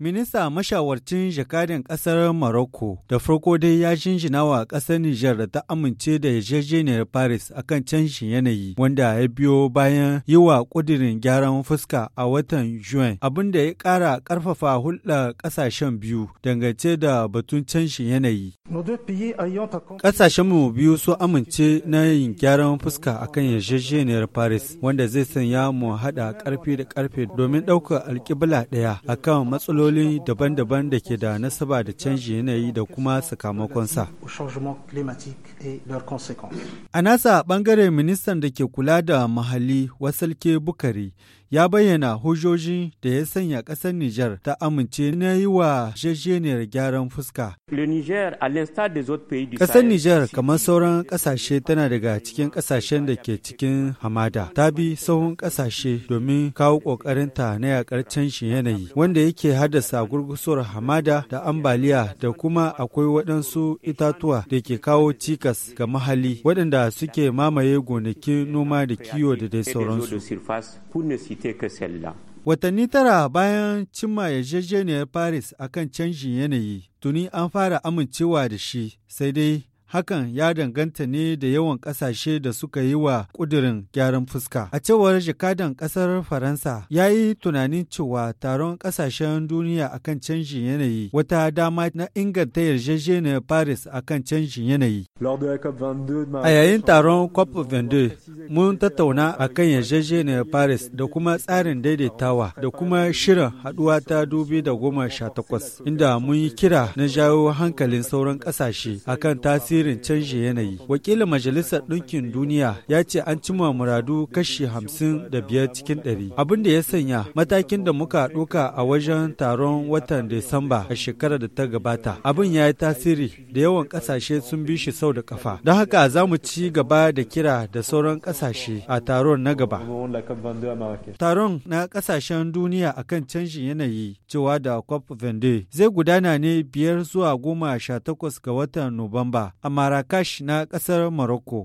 Minista mashawarcin jakadan ƙasar Morocco da farko dai ya jinjina wa ƙasar Nijar da ta amince da yarjejeniyar Paris akan canjin yanayi wanda ya biyo bayan yi wa ƙudirin gyaran fuska a watan Juin abin ya ƙara ƙarfafa hulɗar ƙasashen biyu dangance da batun canjin yanayi. Ƙasashenmu biyu su amince na yin gyaran fuska akan yarjejeniyar Paris wanda zai sanya mu haɗa ƙarfi da ƙarfe domin ɗaukar alƙibla ɗaya akan matsalolin matsaloli daban-daban da ke da nasaba da canji yanayi da kuma sakamakon sakamakonsa. A nasa ɓangaren ministan da ke kula da mahalli Wasalke Bukari ya bayyana hujjoji da ya sanya ƙasar Nijar ta amince na yi wa jejeniyar gyaran fuska. Ƙasar Nijar kamar sauran ƙasashe tana daga cikin ƙasashen da ke cikin hamada. Ta bi sauran ƙasashe domin kawo ƙoƙarinta na yaƙar canshi yanayi wanda yake haddasa gurgusuwar hamada da ambaliya da kuma akwai waɗansu itatuwa da ke kawo cikas ga mahalli waɗanda suke mamaye gonakin noma da kiwo da dai sauransu. compliquée ka Watanni tara bayan cimma yarjejeniyar Paris a kan canjin yanayi, tuni an fara amincewa da shi, sai dai hakan ya danganta ne da yawan ƙasashe da suka yi wa ƙudurin gyaran fuska. A cewar jakadan ƙasar Faransa ya yi tunanin cewa taron ƙasashen duniya a kan canjin yanayi wata dama na inganta yarjejeniyar Paris a kan canjin yanayi. A yayin taron COP22 mun tattauna a kan yarjejeniyar Paris da kuma tsarin daidaitawa da kuma shirin haɗuwa ta dubi da goma sha takwas, inda mun yi kira na jawo hankalin sauran ƙasashe akan tasirin canji yanayi. Wakilin Majalisar Ɗinkin Duniya ya ce an cimma muradu kashi hamsin da biyar cikin ɗari. Abin da ya sanya matakin da muka ɗauka a wajen taron watan Disamba a shekarar da ta gabata. Abin ya yi tasiri da yawan ƙasashe sun bi shi sau da kafa. Don haka za mu ci gaba da kira da sauran ƙasashe kasashe a taron na gaba. Taron na ƙasashen duniya akan canjin yanayi cewa da COP Vende zai gudana ne biyar zuwa goma sha takwas ga watan Nuwamba a Marrakesh na kasar Morocco.